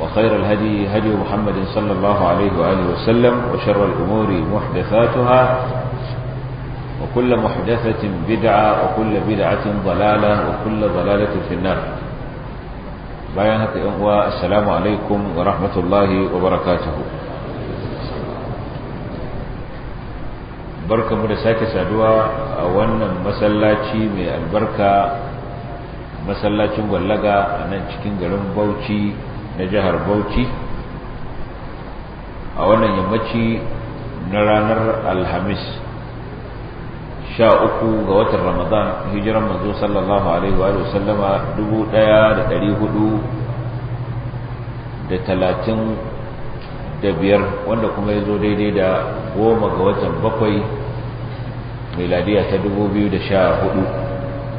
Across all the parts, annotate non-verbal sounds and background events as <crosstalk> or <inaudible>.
وخير الهدي هدي محمد صلى الله عليه وآله وسلم وشر الأمور محدثاتها وكل محدثة بدعة وكل بدعة ضلالة وكل ضلالة في النار بيانك إخوة السلام عليكم ورحمة الله وبركاته barka mu da sake saduwa a wannan masallaci mai albarka masallacin gwallaga a nan cikin garin bauchi na jihar bauchi a wannan yammaci na ranar alhamis sha uku ga watan ramadan hijiran manzo sallallahu alaihi wa sallama dubu daya da dari hudu da talatin da biyar wanda kuma ya zo daidai da goma ga watan bakwai miladiya ta dubu biyu da sha hudu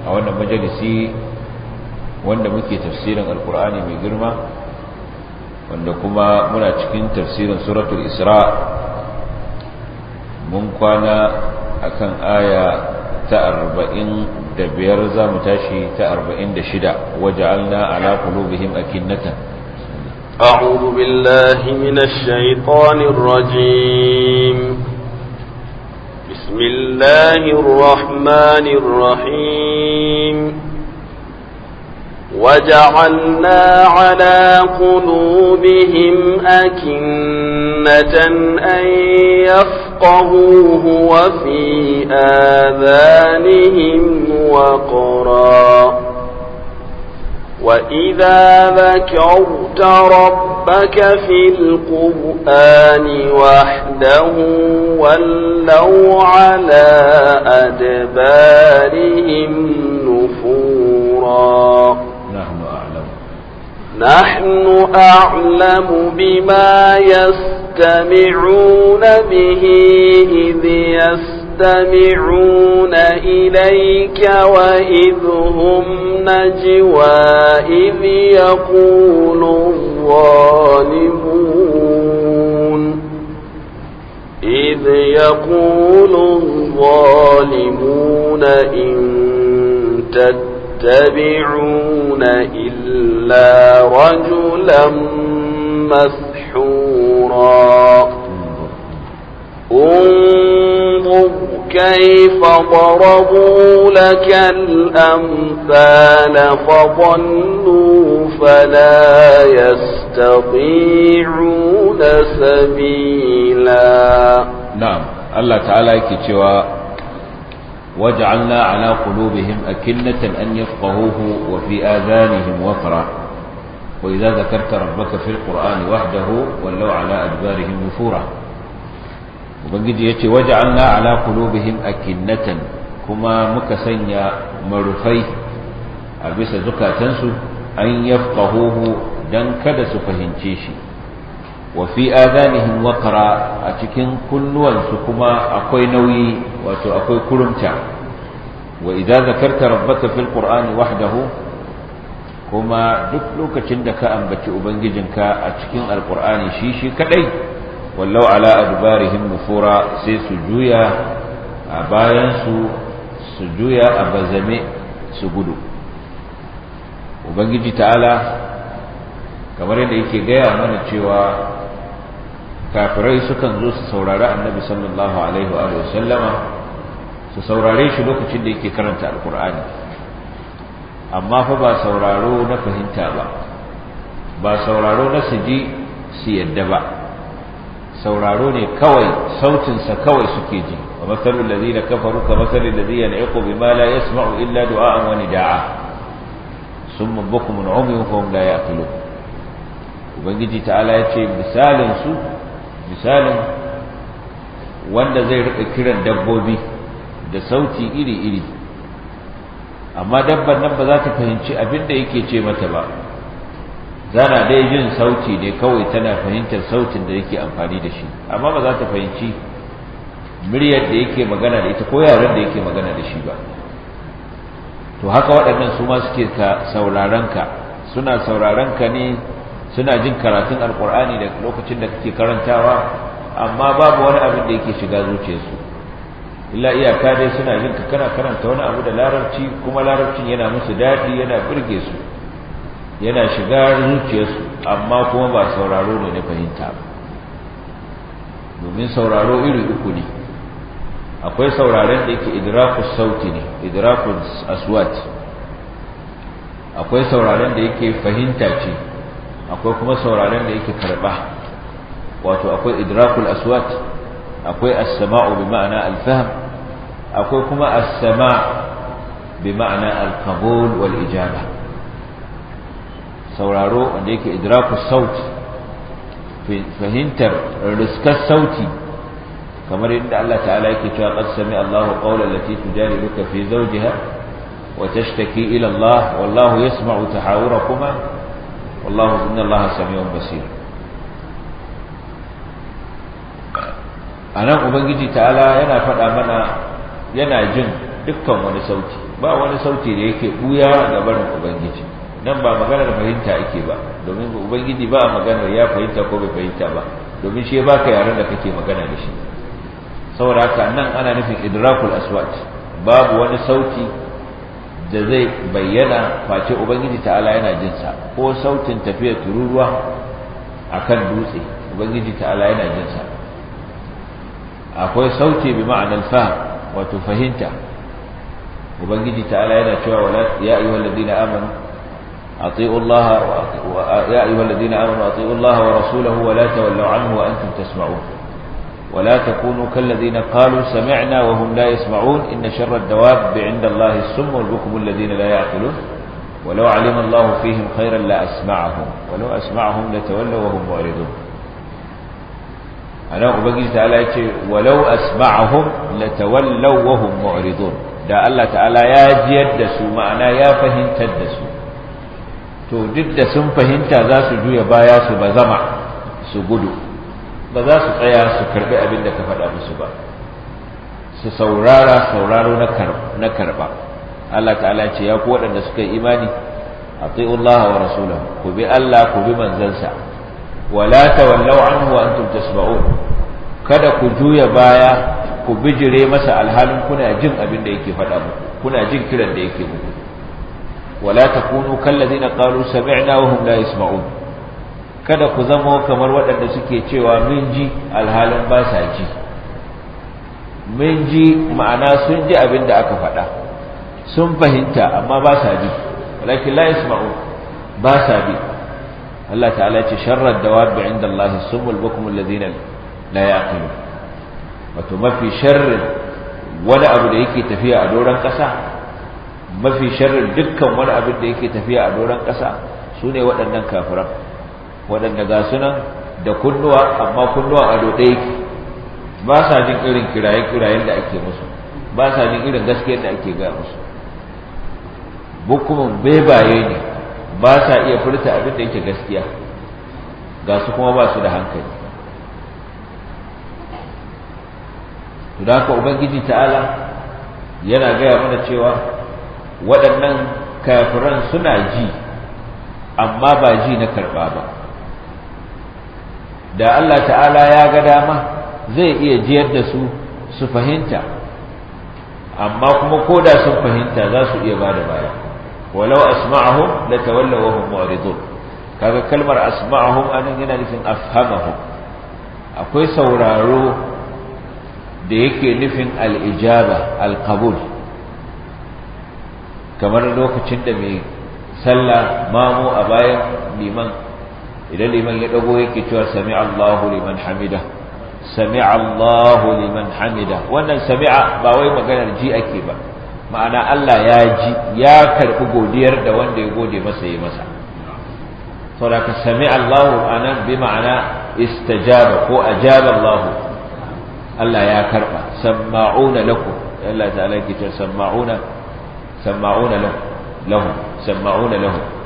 a wannan majalisi wanda muke tafsirin alkur'ani mai girma wanda kuma muna cikin tafsirin suratul isra mun kwana a kan aya ta arba'in da biyar za mu tashi ta arba'in da shida waje alna ala kulubihim akinnatan أعوذ بالله من الشيطان الرجيم بسم الله الرحمن الرحيم وجعلنا على قلوبهم أكنة أن يفقهوه وفي آذانهم وقرا وإذا ذكرت ربك في القرآن وحده ولوا على أدبارهم نفورا نحن أعلم بما يستمعون به إذ يستمعون إليك وإذ هم نجوى إذ يقول الظالمون إذ يقول الظالمون إن تتبعون يتبعون إلا رجلا مسحورا انظر كيف ضربوا لك الأمثال فضلوا فلا يستطيعون سبيلا نعم الله تعالى كتوا وجعلنا على قلوبهم أكنة أن يفقهوه وفي آذانهم وقرا وإذا ذكرت ربك في القرآن وحده ولوا على أدبارهم نفورا ubangiji ya ce waje an na ala kulubihim akinnatan kuma muka sanya marufai a bisa zukatansu an yafqahuhu dan kada su fahimce shi wa fi adanihim waqra a cikin kunnuwansu kuma akwai nauyi wato akwai kurumta wa idza zakarta rabbaka fil qur'ani wahdahu kuma duk lokacin da ka ambaci ubangijinka a cikin alqur'ani shi shi kadai wallau ala adbarihim nufura sai su juya a bayan su su juya a bazame su gudu ubangiji ta'ala kamar yadda yake gaya mana cewa kafirai sukan zo su saurari annabi sallallahu alaihi wa sallama su saurare shi lokacin da yake karanta alkur'ani amma fa ba sauraro na fahimta ba ba sauraro na su ji su yadda ba sauraro ne kawai sautinsa kawai suke ji wa matsalin da zai na kafaru ka matsalin da yana iko bi ma la yasma'u illa du'a'an wani da'a sun mabbaku mun umin la ya ubangiji ta'ala ya ce misalin su misalin wanda zai rika kiran dabbobi da sauti iri-iri amma dabban nan ba za ta fahimci abin da yake ce mata ba zana dai yin sauti ne kawai tana fahimtar sautin da yake amfani da shi amma ba za ta fahimci muryar da yake magana da ita ko yaren da yake magana da shi ba to haka waɗannan su ma suke sauraron ka suna sauraron ka ne suna jin karatun alkur'ani da lokacin da kake karantawa amma babu wani abin da yake shiga zuciyarsu illa iyaka dai suna jin ka kana karanta wani abu da larabci kuma larabcin yana musu daɗi yana burge su yana shiga zuciyarsu amma kuma ba sauraro ne na fahimta ba domin sauraro iri uku ne akwai sauraren da yake idrakus sauti ne idrakus aswat akwai sauraren da yake fahimta ce akwai kuma sauraren da yake karba wato akwai idrakul aswat akwai as-sama'u bi ma'ana al-fahm akwai kuma as-sama' bi ma'ana al-qabul wal ijaba sauraro wanda yake idraku saut fahimtar riskar sauti kamar yadda Allah ta'ala yake cewa qad sami Allahu qawla allati tujadiluka fi zawjiha wa tashtaki ila Allah wallahu yasma'u tahawurakuma wallahu inna allaha samiyun basir anan ubangiji ta'ala yana faɗa mana yana jin dukkan wani sauti ba wani sauti da yake buya ga barin ubangiji nan ba maganar fahimta yake ba domin ubangiji ba maganar ya fahimta ko bai fahimta ba domin shi baka yaren da kake magana da shi saboda haka nan ana nufin idrakul aswat babu wani sauti da zai bayyana face ubangiji ta'ala yana jinsa ko sautin tafiyar tururuwa akan dutse ubangiji ta'ala yana jinsa akwai sauti bi ma'anar fahim wato fahimta ubangiji ta'ala yana cewa wala ya ayyuhal ladina amanu اطيعوا الله يا ايها الذين امنوا اطيعوا الله ورسوله ولا تولوا عنه وانتم تسمعون ولا تكونوا كالذين قالوا سمعنا وهم لا يسمعون إن شر الدواب عند الله السم والبكم الذين لا يعقلون ولو علم الله فيهم خيرا لأسمعهم ولو أسمعهم لتولوا وهم معرضون أنا أبقي تعالى ولو أسمعهم لتولوا وهم معرضون da Allah ta'ala ya jiyar da su ma'ana ya fahimtar da su to duk da sun fahimta za su juya baya su bazama su gudu ba za su tsaya su karbi abin da ka faɗa musu ba su saurara sauraro na karba Allah ta'ala ce ya ku waɗanda suka yi imani atiullaha wa rasulahu ku bi Allah ku bi manzansa wala ta wallau anhu wa antum tasma'un kada ku juya baya ku bijire masa alhalin kuna jin abin da yake faɗa muku kuna jin kiran da yake muku wala takunu kallazina qalu sami'na wa hum la yasma'un kada ku zamo kamar waɗanda suke cewa min ji alhalin ba sa ji min ji ma'ana sun ji abin da aka faɗa sun fahimta amma ba sa ji walakin la yasma'u ba sa bi Allah ta'ala ya ce sharrad dawabi inda Allah sumul bukum alladhina la yaqilu wato mafi sharrin wani abu da yake tafiya a doron ƙasa mafi sharrin dukkan wani abin da yake tafiya a doron ƙasa su ne waɗannan kafiran waɗanda ga sunan da kunnuwa amma kunnuwa a doɗe yake ba sa jin irin kiraye-kirayen da ake musu ba sa jin irin gaskiyar da ake gaya musu bukumin bebaye ne ba sa iya furta abin da yake gaskiya ga su kuma ba su da hankali da haka ubangiji ta'ala yana gaya mana cewa waɗannan kafiran suna ji amma ba ji na karɓa ba da Allah ta'ala ya ga dama zai iya jiyar da su su fahimta amma kuma ko da sun fahimta za su iya bada baya walau asma'ahum latawallaw wa hum mu'ridun kaga kalmar asma'ahum anan yana nufin afhamahum akwai sauraro da yake nufin al-ijaba al-qabul kamar lokacin da mai sallah mamu a bayan liman idan liman ya dago yake cewa sami Allahu liman hamida sami Allahu liman hamida wannan sami'a ba wai maganar ji ake ba ma'ana Allah ya ji ya karbi godiyar da wanda ya gode masa yi masa saboda sami Allahu anan bi ma'ana istajaba ko ajaba Allahu Allah ya karba sama'una lakum Allah ta'ala cewa sama'una sama'una lahum sama'una lahum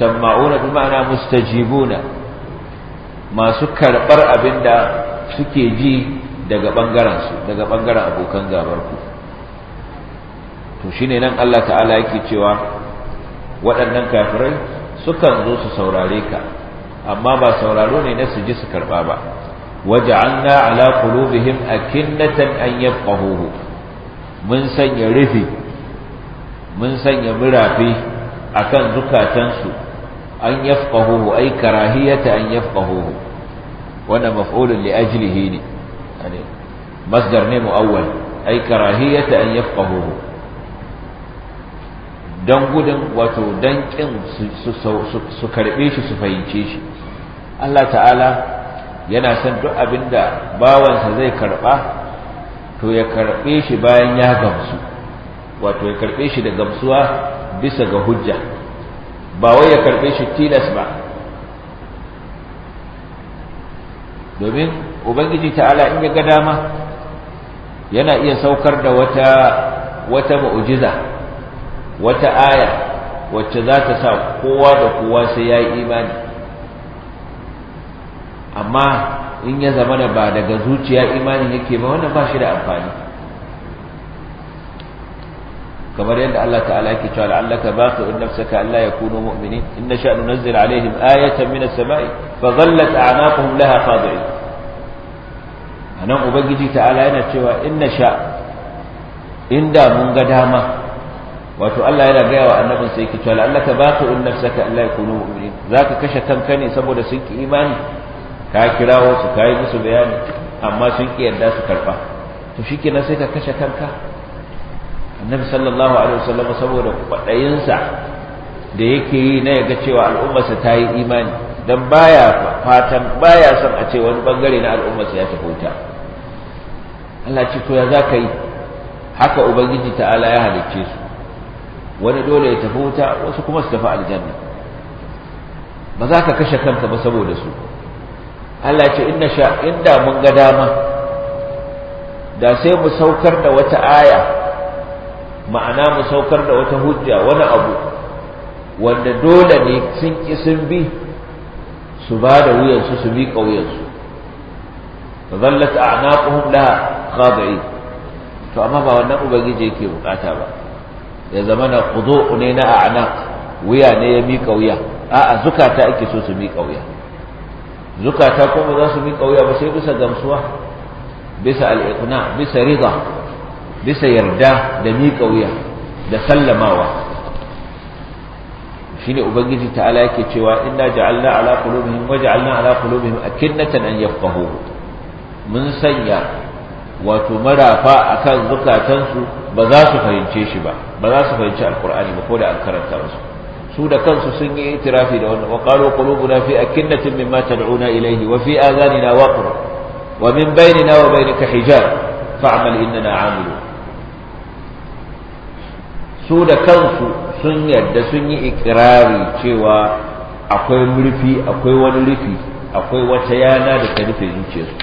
sama'una bi ma'ana mustajibuna masu karɓar abinda suke ji daga bangaren su daga bangaren abokan gabarku. ku to shine nan Allah ta'ala yake cewa waɗannan kafirai sukan zo su saurare ka amma ba sauraro ne na su ji su karɓa ba waja'alna ala qulubihim akinnatan an yafqahuhu mun sanya rufi mun sanya murafi akan zukatansu an yafqahuhu ay karahiyata an yafqahuhu wanda maf'ulun li ajlihi ne yani masdar ne muawwal ay karahiyata an yafqahuhu dan gudun wato dan kin su karbe shi su fahimce shi Allah ta'ala yana son duk abinda bawansa zai karba to ya karbe shi bayan ya gamsu wato ya karbe shi da gamsuwa bisa ga hujja ba wai ya karɓe shi tilas ba domin ubangiji ta'ala in ya ga dama yana iya saukar da wata wata mu'jiza wata aya wacce za ta sa kowa da kowa sai ya yi imani amma in ya zama da ba daga zuciya imanin yake ba wannan ba shi da amfani kamar yadda Allah ta'ala yake cewa la'allaka baqi'un nafsaka alla yakunu mu'minin in nasha nunzil alaihim ayatan minas sama'i fa dhallat a'naquhum laha khadi'in anan ubangiji ta'ala yana cewa in nasha inda mun ga dama wato Allah yana gaya wa annabin sai yake cewa la'allaka baqi'un nafsaka alla yakunu mu'minin zaka kashe kanka ne saboda sun ki imani ka kirawo su kai musu bayani amma sun ki yarda su karba to shikenan sai ka kashe kanka annabi sallallahu alaihi wasallam saboda kwadayinsa da yake yi na yaga cewa al'ummarsa ta yi imani dan baya fatan baya son a ce wani bangare na al'ummarsa ya tafi wuta Allah ce to ya ka yi haka ubangiji ta'ala ya halicce su wani dole ya tafi wuta wasu kuma su tafi aljanna ba za ka kashe kanka ba saboda su Allah ce inna sha inda mun ga dama da sai mu saukar da wata aya ma'ana mu saukar da wata hujja wani abu wanda dole ne sun ki sun bi su ba da wuyansu su bi ƙauyensu zallat a'naquhum la khadi'i to amma ba wannan ubangiji yake bukata ba ya zama na qudu ne na a'naq wuya ne ya miƙa wuya a'a zukata ake so su miƙa wuya zukata kuma za su miƙa wuya ba sai bisa gamsuwa bisa al bisa rida bisa yarda da miƙa wuya da sallamawa shine ubangiji ta'ala yake cewa inna ja'alna ala qulubihim wa ja'alna ala qulubihim akinnatan an yafqahu mun sanya wato marafa akan zukatansu ba za su fahimce shi ba ba za su fahimci alqur'ani ba ko da an karanta musu su da kansu sun yi itirafi da wannan waqalu qulubuna fi akinnatin mimma tad'una ilayhi wa fi adhanina waqra wa min bainina wa bainika hijab fa'mal innana 'amilun su da kansu sun yarda sun yi ikirari cewa akwai murfi akwai wani rufi akwai wata yana da ta rufe zuciyarsu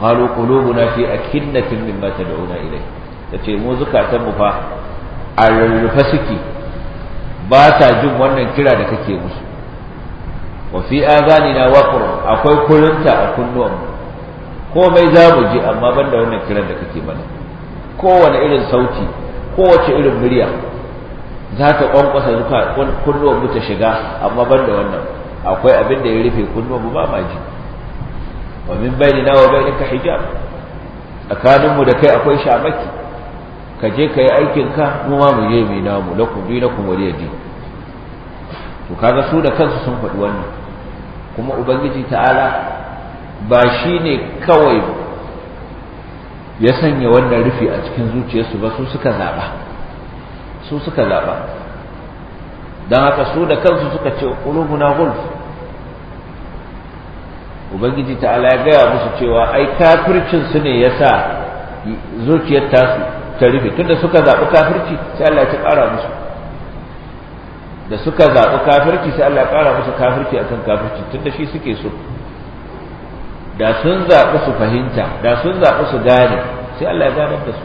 qalu qulubuna fi akinnatin mimma tad'una ilayhi tace mu zukatan mu fa a suke ba ta jin wannan kira da kake musu wa fi azanina waqr akwai kurinta a kunnuwan mu komai za mu ji amma banda wannan kiran da kake mana kowane irin sauti kowace irin murya za ta kwankwasa kunnuwan mu ta shiga amma ban da wannan akwai abin da ya rufe kunnuwan mu ba ma ji wa min na wa ka hijab tsakanin mu da kai akwai shamaki ka je ka yi aikin ka mu ma mu je mu na lakum dinakum ji. to kaga su da kansu sun faɗi wannan kuma ubangiji ta'ala ba shine kawai ya sanya wannan rufi a cikin zuciyarsu ba su suka zaɓa su suka zaɓa don haka su da kansu suka ce ƙulubuna gulf ubangiji ta'ala ya gaya musu cewa ai kafircin su ne ya sa zuciyar tasu ta rufe tunda suka zaɓi kafirci sai Allah ya ƙara musu da suka zaɓi kafirci sai Allah ya ƙara musu kafirci akan kafirci tunda shi suke so da sun zaɓi su fahimta da sun zaɓi su gane sai Allah ya ganar da su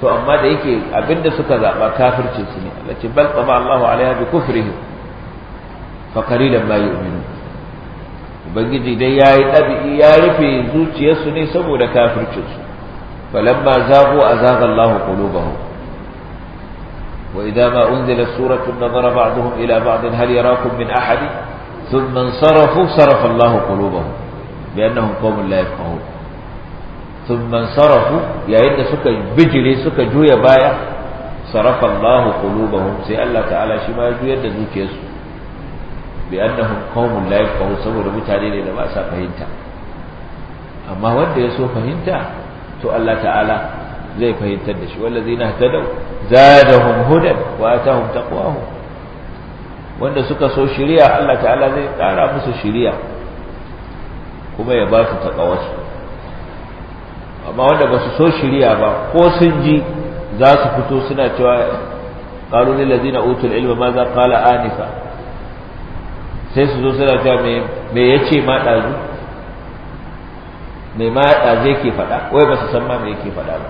to amma da yake abinda suka zaɓa kafirce su ne Allah ce bal qama Allahu alaiha bi kufrihi fa qalilan ma yu'minu ubangiji dai yayi ɗabi'i ya rufe zuciyarsu ne saboda kafircin su falamma zabu azaga Allahu qulubahum وإذا ما أنزلت سورة نظر بعضهم إلى بعض هل يراكم من أحد ثم انصرفوا صرف الله قلوبهم bi annahum qaumun la yafqahun thumma yayin da suka bijire suka juya baya sarafa Allah qulubahum sai Allah ta'ala shi ma juyar da zuciyarsu bi annahum qaumun la saboda mutane ne da ba sa fahimta amma wanda ya so fahimta to Allah ta'ala zai fahimtar da shi wallazina tadaw zadahum hudan wa atahum taqwahum wanda suka so shiriya Allah ta'ala zai ƙara musu shiriya kuma ya ba su taƙawarsu amma wanda ba su so shirya ba ko sun ji za su fito suna cewa ƙalu na utul ilma ma za kala anisa sai su zo suna cewa me ya ce ma ɗazu? me ma ɗazu yake faɗa wai ba su san ma me yake faɗa ba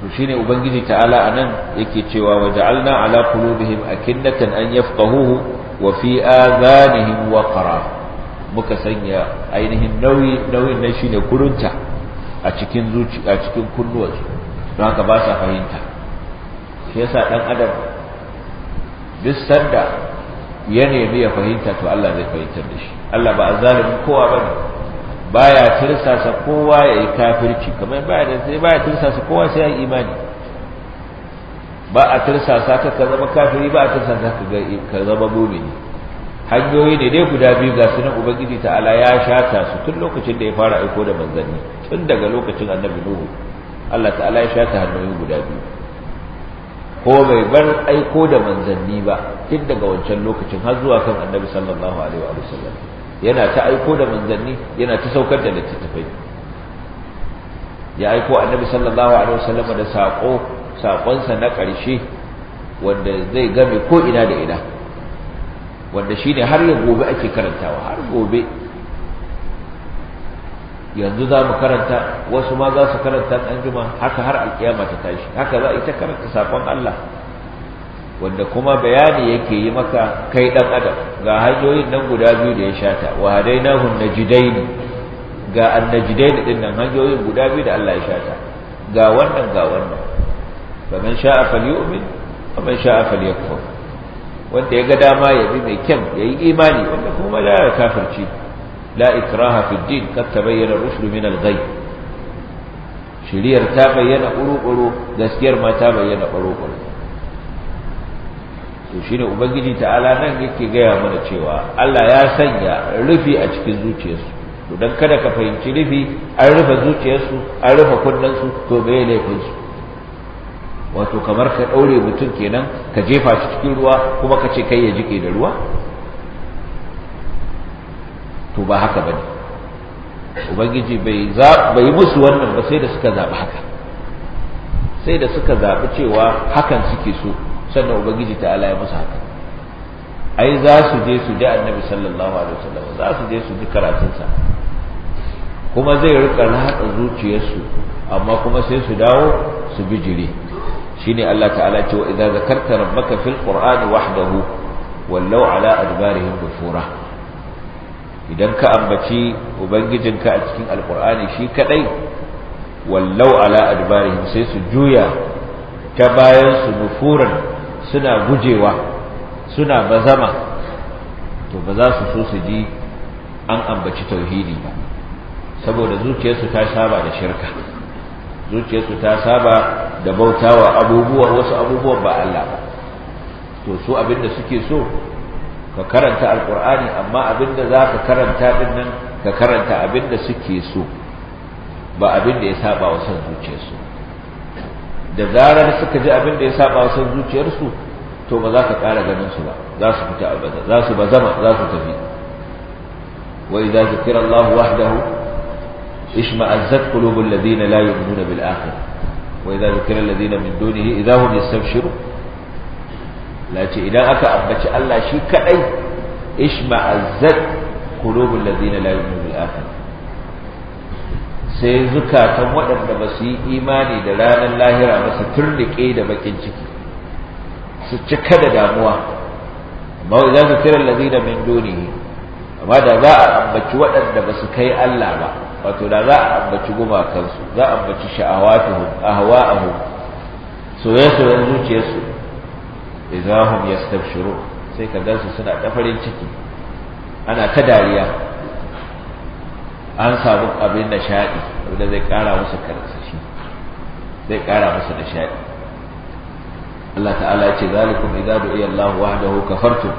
to shine ubangiji ta'ala anan yake cewa wa ja'alna ala qulubihim akinnatan an yafqahuhu wa fi azanihim waqara muka sanya ainihin nauyi nauyin nan shine kurunta a cikin zuci a cikin kunnuwansu don haka ba sa fahimta shi yasa dan adam duk sanda ya nemi ya fahimta to Allah zai fahimtar da shi Allah ba azalimin kowa Ba baya tirsasa kowa yayi kafirci kamar baya da sai baya tirsasa kowa sai ya imani ba a tirsasa ka ka zama kafiri ba a tirsasa ka ka zama mumini hanyoyi ne dai guda biyu ga sunan ubangiji ta'ala ya shata su tun lokacin da ya fara aiko da manzanni tun daga lokacin annabi nuhu Allah ta'ala ya shata hanyoyi guda biyu ko bai bar aiko da manzanni ba tun daga wancan lokacin har zuwa kan annabi sallallahu alaihi wa sallam yana ta aiko da manzanni yana ta saukar da littattafai ya aiko annabi sallallahu alaihi wa sallam da sako sakonsa na ƙarshe wanda zai game ko ina da ina wanda shi ne har ya gobe ake karantawa har gobe yanzu za mu karanta wasu ma za su karanta ɗan juma haka har alƙiyama ta tashi haka za a ita karanta sakon Allah wanda kuma bayani yake yi maka kai ɗan adam ga hanyoyin nan guda biyu da ya shata wa hadainahun najidaini ga annajidaini ɗin nan hanyoyin guda biyu da Allah ya shata ga wannan ga wannan faman sha'a falyu'min faman sha'a wanda ya ga dama ya bi mai kyan ya yi imani wanda kuma da ya kafirci la ikraha fi din kad tabayyana rushd min al-ghay shiriyar ta bayyana ƙuruƙuru gaskiyar ma ta bayyana ƙuruƙuru to shine ubangiji ta'ala nan yake gaya mana cewa Allah ya sanya rufi a cikin zuciyarsu to kada ka fahimci rufi an rufe zuciyarsu an rufe kunnansu to bai ne laifinsu wato kamar ka ɗaure mutum kenan ka jefa shi cikin ruwa kuma ka ce kai ya jike da ruwa to ba haka ba ne ubangiji bai yi musu wannan ba sai da suka zaɓi haka sai da suka zaɓi cewa hakan suke so sannan ubangiji ta ala ya musu haka ai za su je su ji annabi sallallahu alaihi wasallam za su je su ji karatunsa kuma zai rika ratsa zuciyarsu amma kuma sai su dawo su bijire shine Allah ta'ala ce wa idza zakarta rabbaka fil qur'ani wahdahu wallau ala adbarihim idan ka ambaci ubangijinka a cikin alqur'ani shi kadai wallau ala adbarihim sai su juya ta bayan su nufuran suna gujewa suna bazama to ba za su so su ji an ambaci tauhidi ba saboda zuciyarsu ta saba da shirka zuciyarsu ta saba da bautawa abubuwan wasu abubuwan ba Allah ba to su abinda suke so ka karanta alkur'ani amma abinda za ka karanta din nan ka karanta abinda suke so ba abinda ya saba wa son zuciyarsu da zarar suka ji abinda ya saba wa son zuciyarsu to ba za ka ƙara ganin su ba za su fita abada za su bazama za su tafi wa idza zikira Allah wahdahu ishma'azzat qulubul ladina la yu'minuna bil akhir wa idza zikra alladina min dunihi idan aka ambaci Allah shi kadai ishma'azzat qulubul ladina la sai zukatan waɗanda ba su yi imani da ranar lahira ba su turnike da bakin ciki su cika da damuwa amma su zikra lazina min dunihi amma da za a ambaci waɗanda ba su kai Allah ba wato da za a ambaci gumakansu za a ambaci sha'awatuhum ahwa'ahum soyayyen zuciyarsu idahum yastabshiru sai ka gansu suna ta farin ciki ana ta dariya an samu abin nishaɗi wanda zai ƙara musu karsashi zai ƙara musu nishaɗi Allah ta'ala ya ce zalikum idza du'iya Allah wahdahu kafartum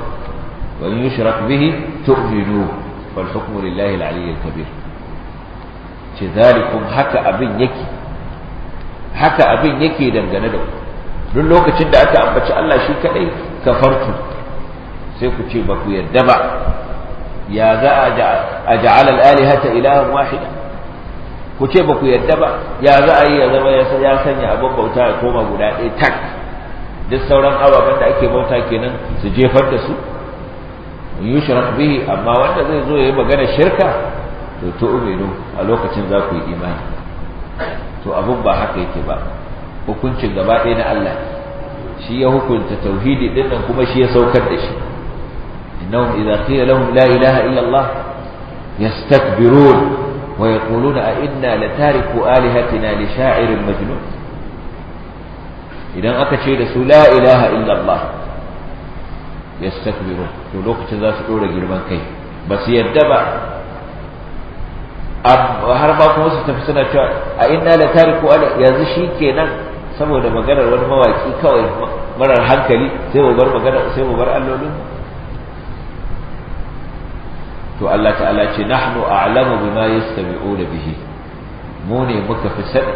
wa in yushrak bihi tu'minu wal hukmu lillahi al-'aliyyil kabir ce zalikun haka abin yake haka abin yake dangane da ku duk lokacin da aka ambaci Allah shi kadai kafartu sai ku ce ba ku yarda ba ya za a ja'al al-alihata ilahan wahida ku ce ba ku yarda ba ya za a yi ya zama ya sanya abin bauta ya koma guda ɗaya tak duk sauran ababen da ake bauta kenan su jefar da su yushrak bihi amma wanda zai zo ya yi magana shirka to tu'minu a lokacin za ku yi imani to abun ba haka yake ba hukuncin gaba ɗaya na Allah shi ya hukunta tauhidi din nan kuma shi ya saukar da shi innahum idza qila lahum la ilaha illa Allah yastakbirun wa yaquluna a inna latariku alihatina li sha'irin majnun idan aka ce da su la ilaha illa Allah yastakbirun to lokacin za su dora girman kai ba su yadda ba har ma kuma su tafi suna cewa a inna la tariku ala yanzu shi kenan saboda maganar wani mawaki kawai marar hankali sai mu bar magana sai mu bar allolin to Allah ta'ala ce nahnu a'lamu bima yastami'una bihi mu ne muka fi sani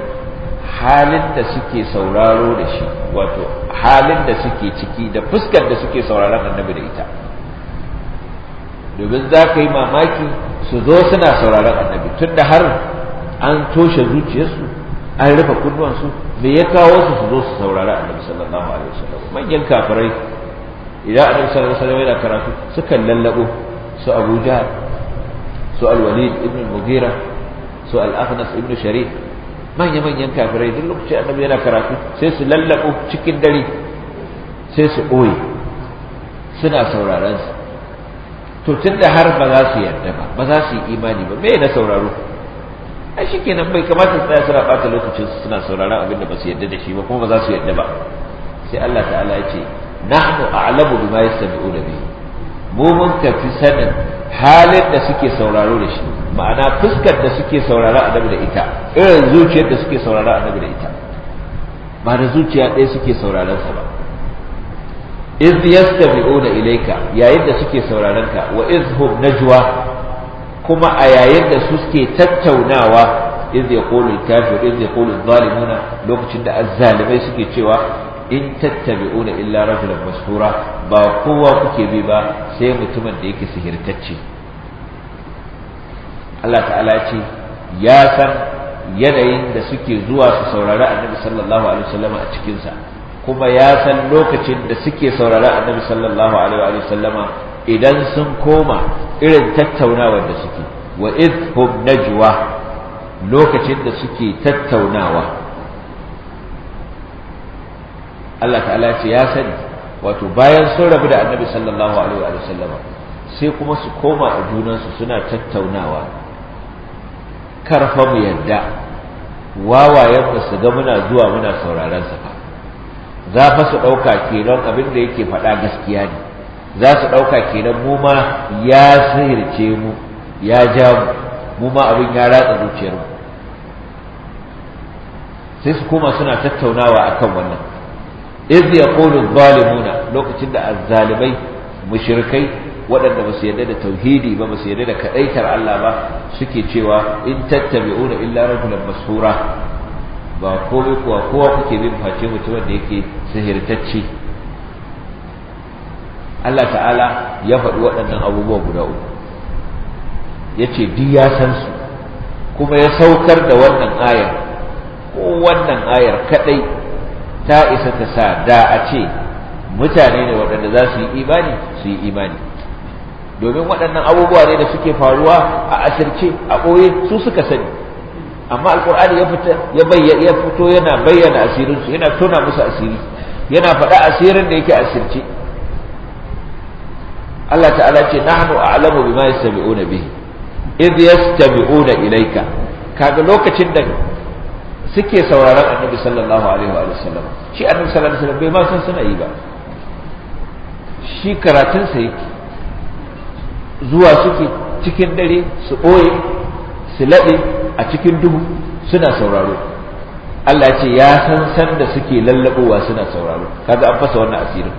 halin da suke sauraro da shi wato halin da suke ciki da fuskar da suke sauraron annabi da ita domin za ka yi mamaki su zo suna sauraron annabi tun da har an toshe zuciyarsu an rufe kunnuwansu me ya kawo su su zo su saurari annabi sallallahu alaihi wasallam manyan kafirai idan annabi sallallahu alaihi wasallam yana karatu sukan lallabo su Abu Jahl su Al-Walid ibn Mughira su al afnas ibn Sharif manya manyan kafirai duk lokacin annabi yana karatu sai su lallabo cikin dare sai su boye suna sauraron su. to tun da har ba za su yarda ba ba za su yi imani ba me na sauraro shi kenan bai kamata su tsaya suna bata lokacin su suna sauraron abin da ba su yarda da shi ba kuma ba za su yarda ba sai Allah ta'ala ya ce nahnu a'lamu bima da bihi mu mun kafi sanin halin da suke sauraro da shi ma'ana fuskar da suke saurara annabi da ita irin zuciyar da suke saurara annabi da ita ba da zuciya ɗaya suke sauraron sa ba iz da ilayka yayin da suke sauraron ka wa iz hum najwa kuma a yayin da suke tattaunawa iz yaqulu al-kafir iz yaqulu adh-dhalimuna lokacin da azzalimai suke cewa in tattabi'una illa rajulan mashhura ba kowa kuke bi ba sai mutumin da yake sihirtacce Allah ta'ala ce ya san yanayin da suke zuwa su saurari annabi sallallahu alaihi wasallam a cikin sa kuma ya san lokacin da suke saurara annabi sallallahu alaihi wa sallama idan sun koma irin tattaunawar da suke wa idhum najwa lokacin da suke tattaunawa Allah ta'ala ce ya sani wato bayan sun rabu da annabi sallallahu alaihi wa sallama sai kuma su koma a junansu suna tattaunawa karfa mu yadda wawayen su ga muna zuwa muna sauraron sa fa za fa su ɗauka kenan abin da yake faɗa gaskiya ne za su ɗauka kenan mu ma ya sihirce mu ya ja mu mu ma abin ya ratsa zuciyar mu sai su koma suna tattaunawa akan wannan iz yaqulu adh-dhalimuna lokacin da azzalimai mushrikai waɗanda ba su yarda da tauhidi ba ba su yarda da kaɗaitar Allah ba suke cewa in tattabi'una illa rajulan masura. ba komai kuwa kowa kuke bin face mutumin da yake sihirtacce Allah ta'ala ya faɗi waɗannan abubuwa guda uku ya ce duk ya san su kuma ya saukar da wannan ayar ko wannan ayar kaɗai ta isa ta sa da a ce mutane ne waɗanda za su yi imani su yi imani domin waɗannan abubuwa ne da suke faruwa a asirce a ɓoye su suka sani amma alqur'ani ya fita ya bayyana ya fito yana bayyana asirin su yana tona musu asiri yana faɗa asirin da yake asirce Allah ta'ala ce nahnu a'lamu bima yastabi'una bihi idh yastabi'una ilayka kaga lokacin da suke sauraron annabi sallallahu alaihi wa sallam shi annabi sallallahu alaihi wa sallam bai ma san suna yi ba shi karatunsa yake zuwa suke cikin dare su ɓoye su laɗe a cikin duhu suna sauraro Allah ce ya san san da suke lallabowa suna sauraro kaga an fasa wannan asirin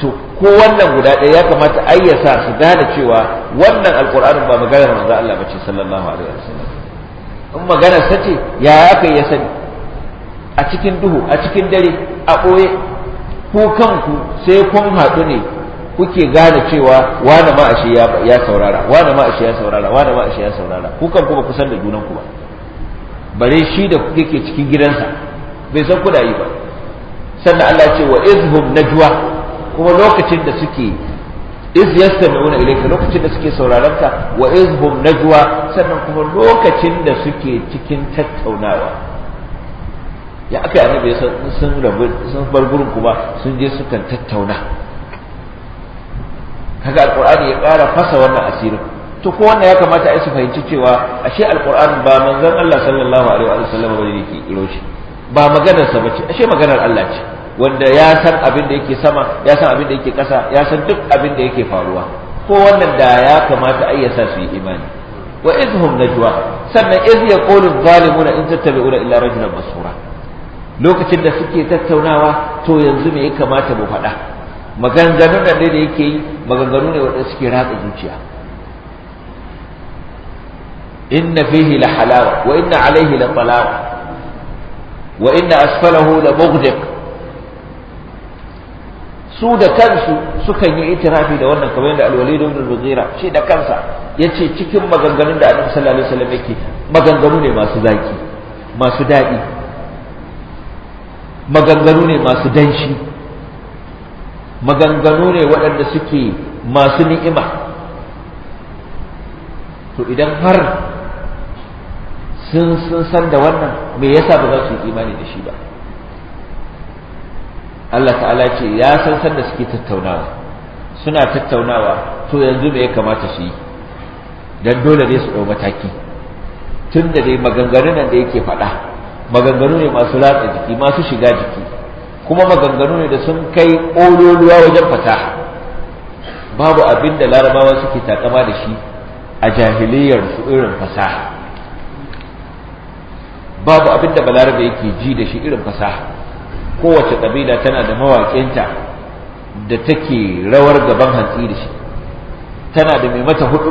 to ko wannan guda ɗaya ya kamata ayyasa su gane cewa wannan alƙur'anin ba maganar manzo Allah bace sallallahu alaihi wasallam in maganar sace ya aka ya sani a cikin duhu a cikin dare a ɓoye kukanku, kanku sai kun haɗu ne kuke gane cewa wane ma ashe ya saurara wane ma ashe ya saurara wane ma ashe ya saurara kukan kuma kusan da junan ba bare shi da ke cikin gidansa bai san da yi ba sannan Allah ce wa izhum najwa kuma lokacin da suke iz yastami'una ilayka lokacin da suke sauraron ka wa izhum najwa sannan kuma lokacin da suke cikin tattaunawa ya aka yi annabi sun rabu sun bar gurin kuma sun je sukan tattauna kaga alqur'ani ya ƙara fasa wannan asirin to ko wannan ya kamata a su fahimci cewa ashe alqur'an ba manzon Allah sallallahu alaihi wa sallam bane yake kiro shi ba maganar sa bace ashe maganar Allah ce wanda ya san abin da yake sama ya san abin da yake ƙasa ya san duk abin da yake faruwa ko wannan da ya kamata a ya sa su yi imani wa idhum najwa sannan iz yaqulu adh-dhalimuna in tattabi'una illa rajulan masura lokacin da suke tattaunawa to yanzu me ya kamata mu faɗa maganganun da da yake yi maganganu ne waɗanda suke ratsa zuciya inna fihi la halawa wa inna alaihi la talawa wa inna asfalahu la mughdiq su da kansu sukan yi itirafi da wannan kamar yadda al-walid ibn al-mughira shi da kansa yace cikin maganganun da annabi sallallahu alaihi wasallam yake maganganu ne masu zaki masu daɗi maganganu ne masu danshi maganganu ne waɗanda suke masu ni'ima to idan har sun sun san da wannan me yasa ba za su yi imani da shi ba Allah ta'ala ce ya san san da suke tattaunawa suna tattaunawa to yanzu me ya kamata su yi dan dole ne su ɗau mataki tun da dai maganganun nan da yake faɗa maganganu ne masu ratsa jiki masu shiga jiki kuma maganganu ne da sun kai ƙololuwa wajen fasaha babu abin da larabawa suke takama da shi a jahiliyar su irin fasaha babu abin da balarabe yake ji da shi irin fasaha kowace ƙabila tana da mawaƙinta da take rawar gaban hantsi da shi tana da mai mata hudu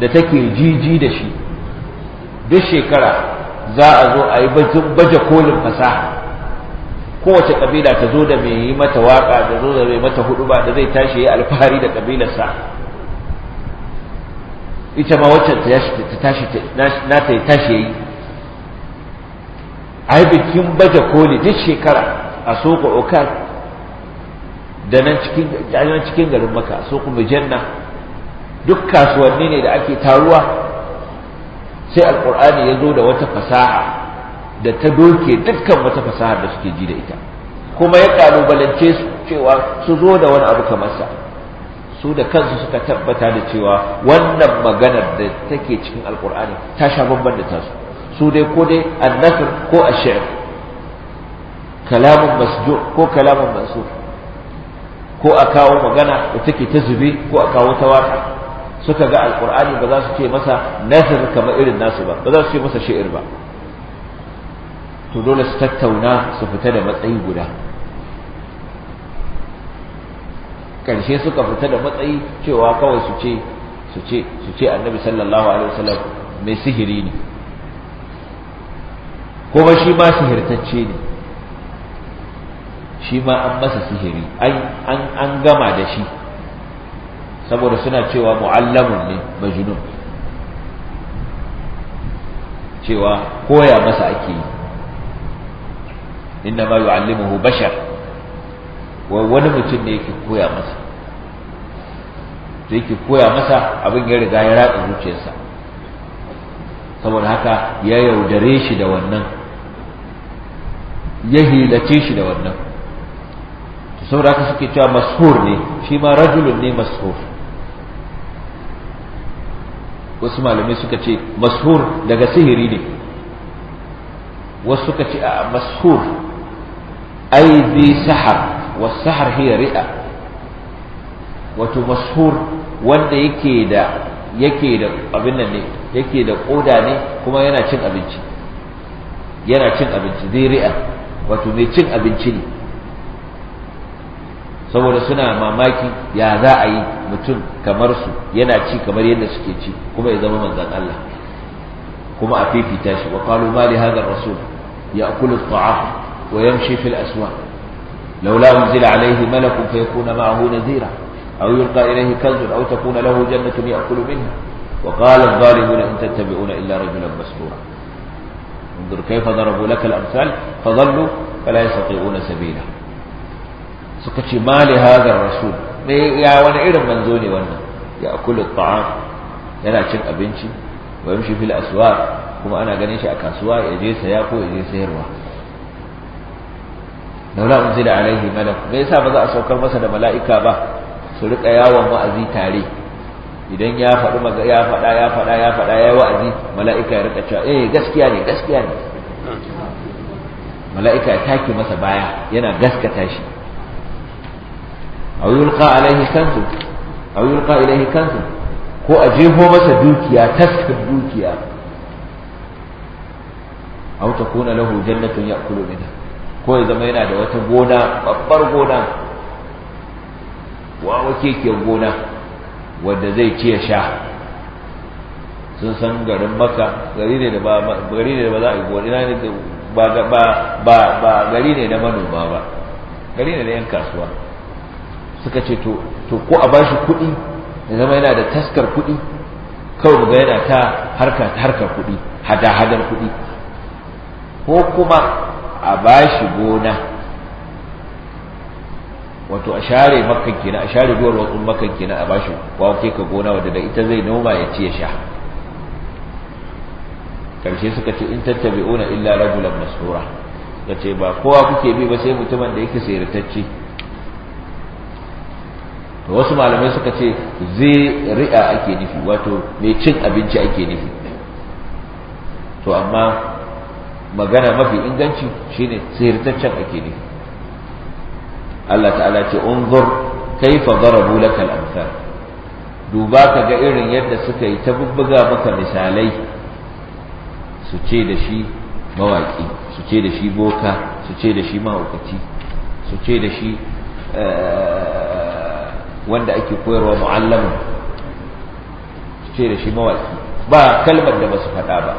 da take jiji da shi duk shekara za a zo a yi bajin baje kolin fasaha kowace kabila ta zo da mai yi mata waka da zo da mai mata hudu ba da zai tashi yi alfahari da kabilarsa ita ma waccan ta tashi na ta yi tashi yi yi bikin baje koli duk shekara a soko okar da nan cikin garin maka a soko mujanna duk kasuwanni ne da ake taruwa sai alkur'ani ya zo da wata fasaha da ta doke dukkan wata fasahar da suke ji da ita kuma ya kalubalance su cewa su zo da wani abu kamar sa su da kansu suka tabbata da cewa wannan maganar da take cikin alkur'ani ta sha bamban da tasu su dai ko dai annasr ko ash'ar kalamun masjur ko kalamun mansur ko a kawo magana da take ta zube ko a kawo ta waka suka ga alkur'ani ba za su ce masa nasr kamar irin nasu ba ba za su ce masa shi'ir ba to dole su tattauna su fita da matsayi guda ƙarshe suka fita da matsayi cewa kawai su ce su ce annabi sallallahu alaihi wasallam mai sihiri ne ko ba shi ma sihirtacce ne shi ma an masa sihiri an gama da shi saboda suna cewa mu'allamun ne majnun cewa koya masa ake yi inna ma yu'allimuhu bashar wa wani mutum ne yake koya masa da yake koya masa abin ya riga ya ratsa zuciyarsa saboda haka ya yaudare shi da wannan ya hilace shi da wannan saboda haka suke cewa mashur ne shi ma rajulun ne mashur wasu malamai suka ce mashur daga sihiri ne wasu suka ce a mashur ai bi sahar wa sahar hiya ri'a wato mashhur wanda yake da yake abin nan ne yake da koda ne kuma yana cin abinci yana cin abinci zai ri'a wato mai cin abinci ne saboda suna mamaki ya za a yi mutum kamar su yana ci kamar yadda suke ci kuma ya zama manzan Allah kuma a fifita shi wa qalu ma li hadha ar-rasul ya'kulu at ويمشي في الأسواق لولا أنزل عليه ملك فيكون معه نذيرا أو يلقى إليه كنز أو تكون له جنة يأكل منها وقال الظالمون إن تتبعون إلا رجلا مسرورا انظر كيف ضربوا لك الأمثال فظلوا فلا يستطيعون سبيلا سكتش ما لهذا الرسول يا وانا إرم منزوني وانا يأكل الطعام yana cin abinci wa yamshi fil aswaq kuma ana ganin shi a kasuwa ya je saya ko ya je sayarwa laula unzila alaihi malak me yasa ba za a saukar masa da mala'ika ba su rika yawon wa'azi tare idan ya faɗi maza ya faɗa ya faɗa ya faɗa ya wa'azi mala'ika ya rika cewa eh gaskiya ne gaskiya ne mala'ika ya take masa baya yana gaskata shi aw yulqa alaihi kanzu aw yulqa ilaihi kanzu ko a jefo masa dukiya taskar dukiya aw takuna lahu jannatun ya'kulu minha ko ya zama yana da wata gona babbar gona wawa keke gona wadda zai ciye sha sun san garin maka gari ne da ba gari ne da ba za a yi gona ne ba ba ba gari ne na manoma ba gari ne na yan kasuwa suka ce to to ko a bashi kuɗi ya zama yana da taskar kuɗi kawai ga yana ta harka ta harkar kuɗi hada-hadar kuɗi ko kuma a bashi gona wato a share makon kenan a share duwar wasu makkan kenan a bashi wake ka gona wadda da ita zai noma ya ci ya sha karshe suka ce in tattabi'una illa rajulan masrura ce ba kowa kuke bi ba sai mutumin da yake sayartacce da wasu malamai suka ce zai ri'a ake nufi wato mai cin abinci ake nufi to amma magana mafi inganci shine sihirtaccen ake ne Allah ta'ala ce unzur kaifa darabu laka al-amsal duba ka ga irin yadda suka yi ta bubbuga maka misalai su ce da shi mawaki su ce da shi boka su ce da shi mahaukaci su ce da shi eh, wanda ake koyarwa mu'allamin su ce da shi mawaki ba kalmar da ba su faɗa ba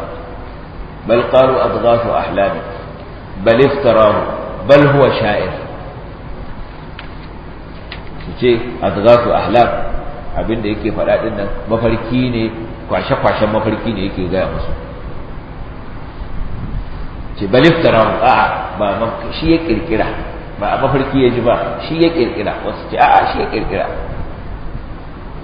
bal qalu adghafu ahlam bal iftarahu bal huwa sha'ir ce adghafu ahlam abin da yake faɗa ɗin nan mafarki ne kwashe-kwashen mafarki ne yake gaya musu ce bal iftarahu a'a ba shi ya kirkira ba a mafarki ya ji ba shi ya wasu ce a'a shi ya kirkira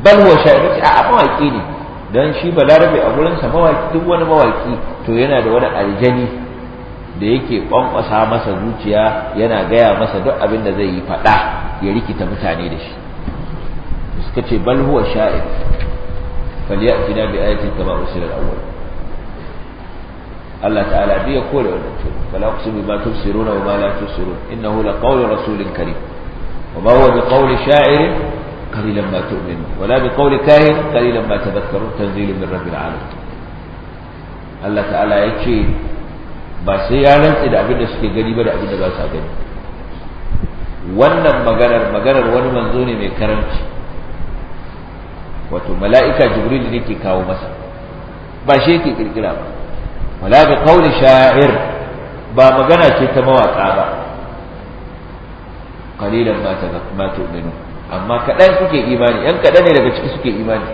bal huwa sha'ir ce ne dan shi balarabe a gurinsa mawaki duk wani mawaki to yana da wani aljani da yake kwankwasa masa zuciya yana gaya masa duk abin da zai yi faɗa ya rikita mutane da shi suka ce bal huwa sha'ir falyatina bi ayatin kama ursila al-awwal Allah ta'ala bi yakula wa natur fala uqsimu bima tubsiruna wa ma la tubsirun innahu qawlu rasulin karim wa ba huwa qawli sha'irin قليلا ما تؤمنون ولا بقول كاهن قليلا ما تذكرون تنزيل من رب العالمين الله تعالى يجي ba sai ya rantse da abin da suke gani ba da abin da ba sa gani wannan maganar maganar wani manzo ne mai karanci wato mala'ika jibril ne ke kawo masa ba shi yake kirkira ba wala bi ba magana ce ta mawaka ba qalilan ta amma kaɗan suke imani ‘yan kaɗan ne daga ciki suke imani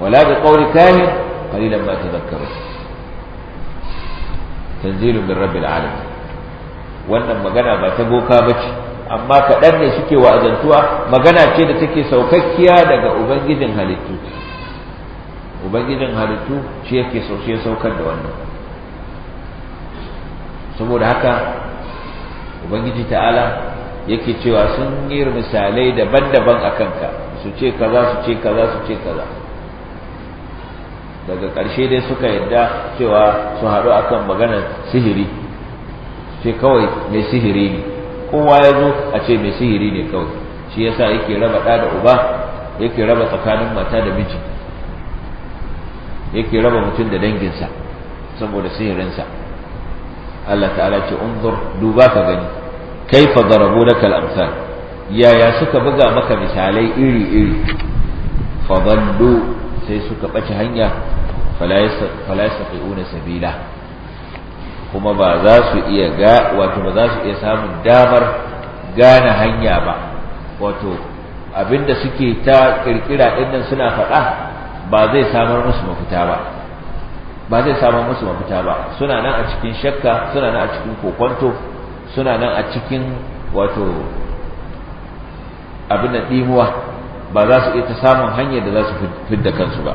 wala bi qawli kani qalilan ma tadhakkaru tanzilun min rabbil alam wannan magana ba ta boka ce amma kaɗan ne suke wa'azantuwa magana ce da take saukakkiya daga ubangijin halittu ubangijin halittu shi yake sauke saukar da wannan saboda haka ubangiji ta'ala yake cewa sun yi misalai daban-daban a kanka su ce kaza su ce kaza su ce kaza daga ƙarshe dai suka yadda cewa su haɗu akan maganar sihiri ce kawai mai sihiri ne kowa ya zo a ce mai sihiri ne kawai shi yasa yake raba ɗa da uba yake raba tsakanin mata da miji yake raba mutum da danginsa saboda sihirinsa Allah ta'ala ce unzur duba ka gani kaifa darabu laka al-amsal yaya suka buga maka misalai iri iri fadallu sai suka bace hanya fala na sabila kuma ba za su iya ga wato ba za su iya samun damar gane hanya ba wato abinda suke ta kirkira dinnan suna faɗa ba zai samar musu mafita ba ba zai samar musu mafita ba suna nan a cikin shakka suna nan a cikin kokonto suna nan a cikin wato abin da ɗimuwa ba za su ita samun hanyar da za su fidda kansu ba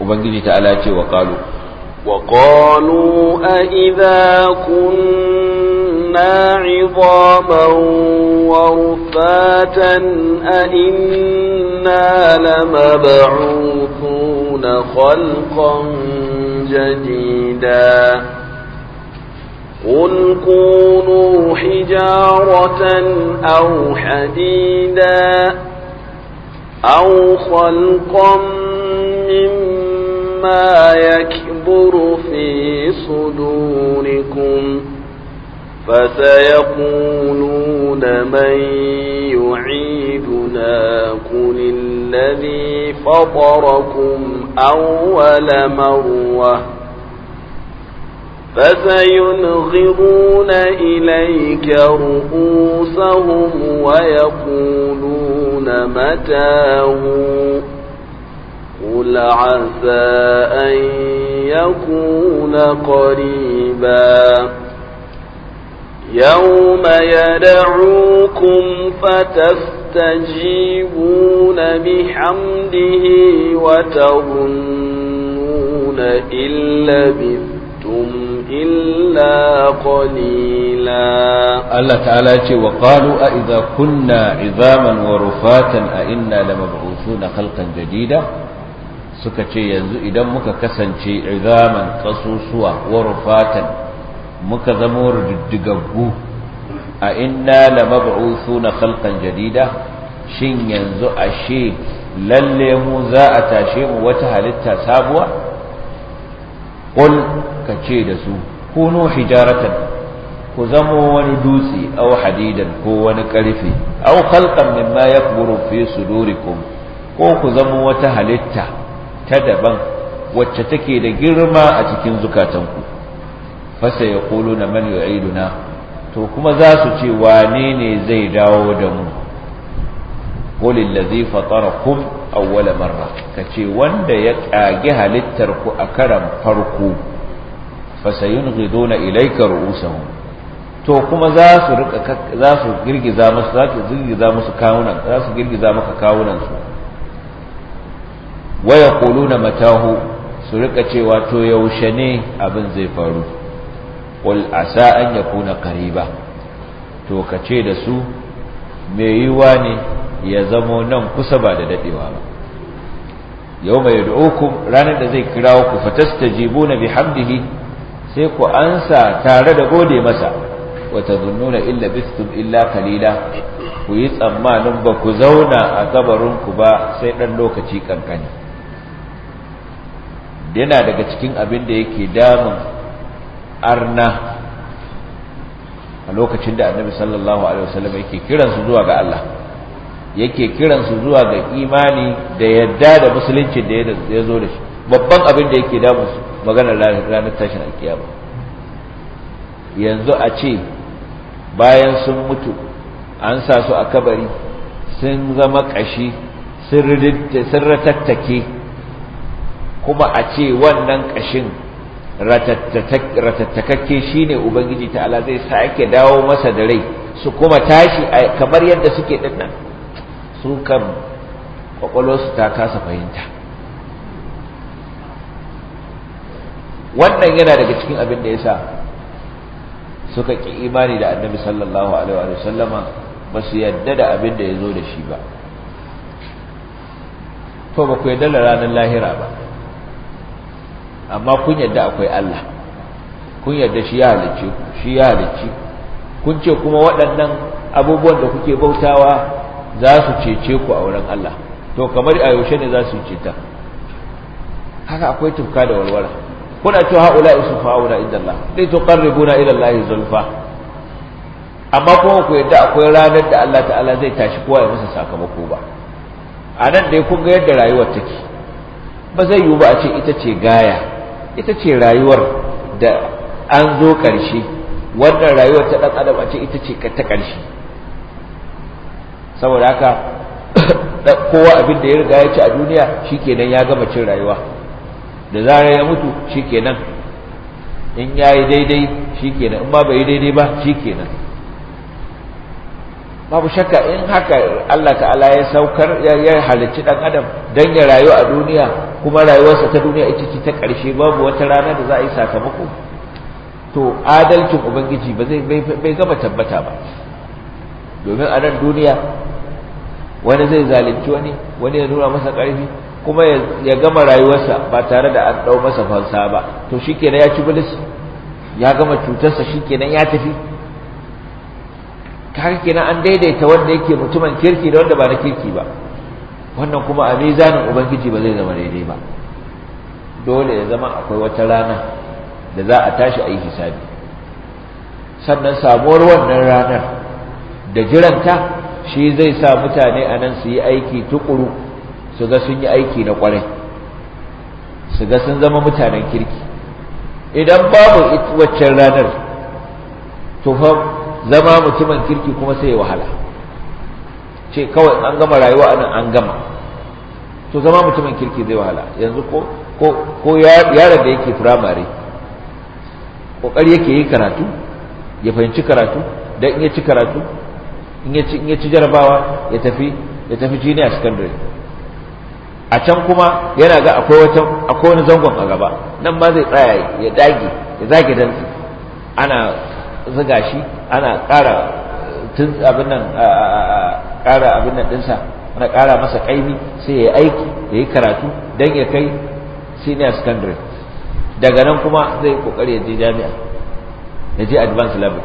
ubangiji ta ala ce wa ƙalu wa ƙalu a idha kunna izaman wa rufatan a inna lamab'uthuna khalqan jadida قل كونوا حجارة أو حديدا أو خلقا مما يكبر في صدوركم فسيقولون من يعيدنا قل الذي فطركم أول مروه فسينغضون إليك رؤوسهم ويقولون متاه قل عسى أن يكون قريبا يوم يدعوكم فتستجيبون بحمده وتظنون إن لبثتم إلا قليلا الله تعالى وقالوا أئذا كنا عظاما ورفاتا أئنا لمبعوثون خلقا جديدا suka ce yanzu idan muka kasance izaman kasusuwa wa rufatan muka zama riddigaggu a inna la na khalqan jadida shin yanzu ashe lalle mu za a tashe mu wata halitta sabuwa qul ka ce da su kunu hijaratan ku zamo wani dutse aw hadidan ko wani karfe aw khalqan mimma yakburu fi sudurikum ko ku zamo wata halitta ta daban wacce take da girma a cikin zukatanku fasa ya kulu na man yu'iduna to kuma za su ce wane ne zai dawo da mu qulil ladzi fatarakum awwala marra kace wanda ya kage halittar ku a karam farko fasayunghiduna ilayka ru'usahum to kuma za su rika za su girgiza musu za su girgiza musu kawunan za su girgiza maka kawunan su wa yaquluna matahu su rika cewa to yaushe ne abin zai faru qul asa an yakuna ba. to ka ce da su me yiwa ne ya zamo nan kusa ba da dadewa ba Yau mai ku, ranar da zai kirawo ku bi bihamdihi sai ku ansa tare da gode masa wata zunnuna illa bistum illa kalila ku yi tsammanin ba ku zauna a kabarinku ba sai ɗan lokaci ƙanƙani yana daga cikin abin da yake damun arna a lokacin da annabi sallallahu alaihi wasallam yake kiransu zuwa ga Allah yake kiransu zuwa ga imani da yadda da musulunci da ya zo da shi babban abin da yake damun su maganar ranar tashin alkiyama yanzu a ce bayan sun mutu an sa su a kabari sun zama ƙashi sun ratattake kuma a ce wannan ƙashin ratattakakke shi ne ubangiji ta'ala zai sake dawo masa da rai su kuma tashi kamar yadda suke nan su kan su ta kasa fahimta wannan yana daga cikin abin da yasa suka ki imani da annabi sallallahu alaihi wa sallama ba su yadda da abin da ya zo da shi ba to ba ku yadda da ranar lahira ba amma kun yadda akwai Allah kun yadda shi ya halicce ku shi ya halicci kun ce kuma waɗannan abubuwan da kuke bautawa za su cece ku a wurin Allah to kamar a yaushe ne za su ceta haka akwai tufka da walwala kuna cewa haula usufa'una inda Allah to qarribuna ila Allah zulfa amma kuma ku yadda akwai ranar da Allah ta'ala zai tashi kowa ya masa sakamako ba a nan dai kun ga yadda rayuwar take ba zai yiwu ba a ce ita ce gaya ita ce rayuwar da an zo ƙarshe wannan rayuwar ta ɗan adam a ce ita ce ta ƙarshe saboda haka <coughs> kowa abin da ya riga ya ci a duniya shi kenan ya gama cin rayuwa da zarar ya mutu shikenan in ya yi daidai shikenan in ma bai yi daidai ba shikenan babu shakka in haka Allah ala ya saukar ya halicci dan adam dan ya rayu a duniya kuma rayuwarsa ta duniya ita ce ta karshe babu wata rana da za a yi sakamako to adalcin ubangiji ba zai bai gama tabbata ba domin a nan duniya wani zai zalunci wani wani ya nuna masa karfi. kuma ya gama rayuwarsa ba tare da an ɗau masa fansa ba to shikenan ya ci bilis ya gama cutarsa shikenan ya tafi kaga kenan an daidaita wanda yake mutumin kirki da wanda ba na kirki ba wannan kuma a mizanin ubangiji ba zai zama daidai ba dole ya zama akwai wata rana da za a tashi a yi hisabi sannan samuwar wannan ranar da jiranta shi zai sa mutane a nan su yi aiki tuƙuru. su ga sun yi aiki na kwarai su ga sun zama mutanen kirki idan babu waccan ranar to fa zama mutumin kirki kuma sai ya wahala ce kawai an gama rayuwa anan an gama to zama mutumin kirki zai wahala yanzu ko ko yaron da yake firamare kokari yake yi karatu ya fahimci karatu da in ya ci karatu in ya ci jarabawa ya tafi ya tafi junior secondary a can kuma yana ga akwai wata akwai wani zangon a gaba nan ma zai tsaya ya dage ya zage dantsi ana zuga shi ana ƙara eh, tun abin nan ƙara abin nan ɗinsa ana ƙara masa ƙaimi sai ya yi aiki ya yi karatu don ya kai senior secondary daga nan kuma zai kokari ya je jami'a ya je advanced level